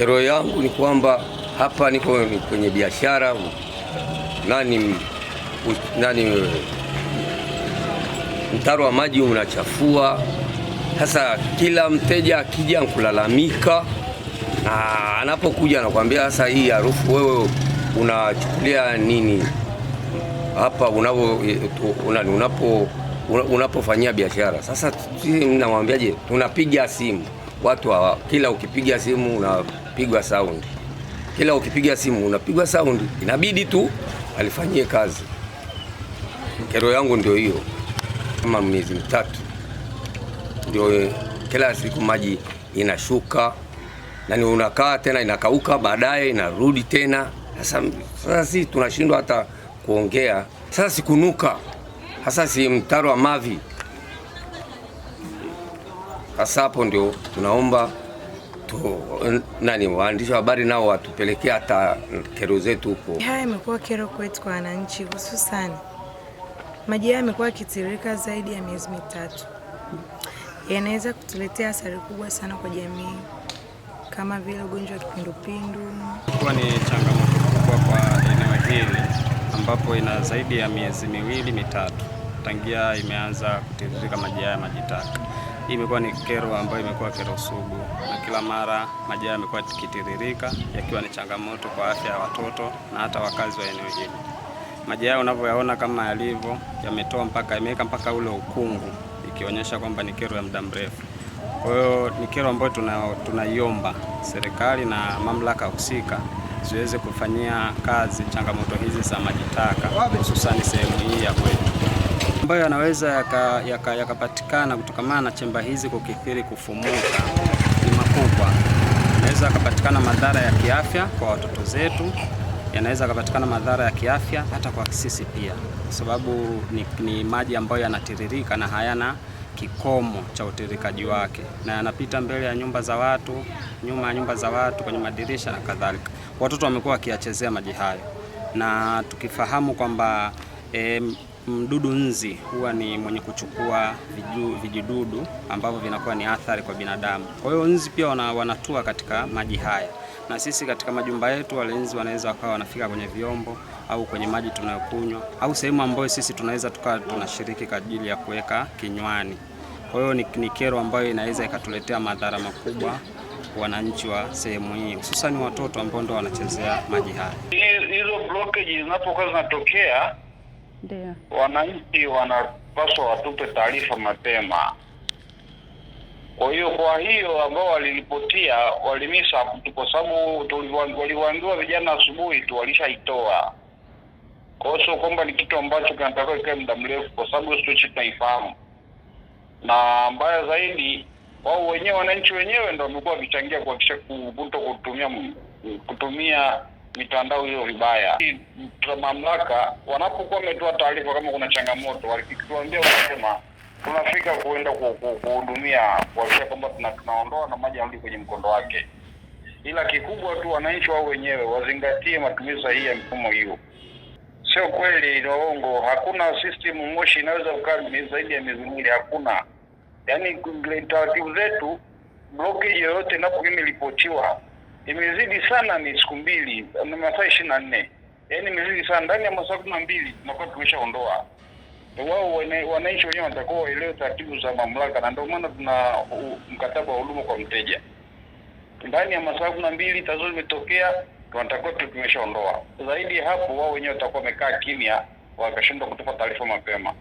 Kero yangu ni kwamba hapa niko kwenye biashara, nani nani, mtaro wa maji unachafua. Sasa kila mteja akija nkulalamika, na anapokuja anakuambia sasa, hii harufu wewe unachukulia nini hapa unapo unapofanyia biashara. Sasa namwambiaje, tunapiga simu watu hawa, kila ukipiga simu una unapigwa saundi, kila ukipiga simu unapigwa saundi, inabidi tu alifanyie kazi. Kero yangu ndio hiyo, kama miezi mitatu ndio eh, kila siku maji inashuka nani, unakaa tena inakauka, baadaye inarudi tena. Sasa sasa si tunashindwa hata kuongea. Sasa sikunuka hasa si mtaro wa mavi. Sasa hapo ndio tunaomba watu nani, waandishi wa habari nao watupelekea hata kero zetu huko. Haya imekuwa kero kwetu kwa wananchi, hususani maji haya yamekuwa yakitiririka zaidi ya miezi mitatu, yanaweza kutuletea athari kubwa sana kwa jamii kama vile ugonjwa wa kipindupindu. ni changamoto kubwa kwa eneo hili ambapo ina zaidi ya miezi miwili mitatu tangia imeanza kutiririka maji haya maji taka hii imekuwa ni kero ambayo imekuwa kero sugu, na kila mara maji yamekuwa tikitiririka yakiwa ni changamoto kwa afya ya watoto na hata wakazi wa eneo hili. Maji hayo unavyoyaona kama yalivyo, yametoa mpaka yameweka mpaka ule ukungu, ikionyesha kwamba ni kero ya muda mrefu. Kwa hiyo ni kero ambayo tunaiomba tuna serikali na mamlaka husika ziweze kufanyia kazi changamoto hizi za maji taka, hususani sehemu hii ya kwetu ambayo yanaweza yakapatikana yaka, yaka kutokamana na chemba hizi kukithiri kufumuka ni makubwa. Yanaweza yakapatikana madhara ya kiafya kwa watoto zetu, yanaweza yakapatikana madhara ya kiafya hata kwa sisi pia, kwa sababu ni, ni maji ambayo yanatiririka na hayana kikomo cha utirikaji wake na yanapita mbele ya nyumba za watu, nyuma ya nyumba za watu, kwenye madirisha na kadhalika. Watoto wamekuwa wakiyachezea maji hayo, na tukifahamu kwamba eh, Mdudu nzi huwa ni mwenye kuchukua vijidudu ambavyo vinakuwa ni athari kwa binadamu. Kwa hiyo nzi pia wana, wanatua katika maji haya, na sisi katika majumba yetu wale nzi wanaweza wakawa wanafika kwenye vyombo au kwenye maji tunayokunywa au sehemu ambayo sisi tunaweza tukawa tunashiriki kwa ajili ya kuweka kinywani. Kwa hiyo ni, ni kero ambayo inaweza ikatuletea madhara makubwa wananchi wa sehemu hii, hususani watoto ambao ndio wanachezea maji haya. Hizo blockage zinapokuwa zinatokea Ndiyo. Wananchi wanapaswa watupe taarifa mapema. Kwa hiyo kwa hiyo ambao walilipotia walimisa tu, kwa sababu waliwaambiwa vijana asubuhi tu walishaitoa. Kwa hiyo sio kwamba ni kitu ambacho kinatakiwa kikae muda mrefu, kwa sababu sisi tunaifahamu, na mbaya zaidi wao wenyewe wananchi wenyewe ndio wamekuwa wakichangia kuhakikisha kuto kutumia kutumia mitandao hiyo vibaya. Mamlaka wanapokuwa wametoa taarifa kama kuna changamoto, walituambia wanasema tunafika kuenda kuhudumia kuhakikisha kwamba tunaondoa na maji yarudi kwenye mkondo wake, ila kikubwa tu wananchi wao wenyewe wazingatie matumizi sahihi ya mifumo hiyo. Sio kweli, ni uongo. Hakuna system Moshi inaweza kukaa zaidi ya miezi miwili, hakuna. Yaani taratibu zetu, blockage yoyote inapokuwa imeripotiwa imezidi sana, ni siku mbili na masaa ishirini na nne yaani imezidi sana. Ndani ya masaa kumi na mbili tunakuwa tumeshaondoa wao wananchi wenyewe watakuwa waelewe taratibu za mamlaka, na ndio maana tuna mkataba wa huduma kwa mteja. Ndani ya masaa kumi na mbili tatizo limetokea, tunatakiwa tu tumeshaondoa. Zaidi ya hapo, wao wenyewe watakuwa wamekaa kimya, wakashindwa kutupa taarifa mapema.